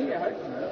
نہیں ہے ہر چیز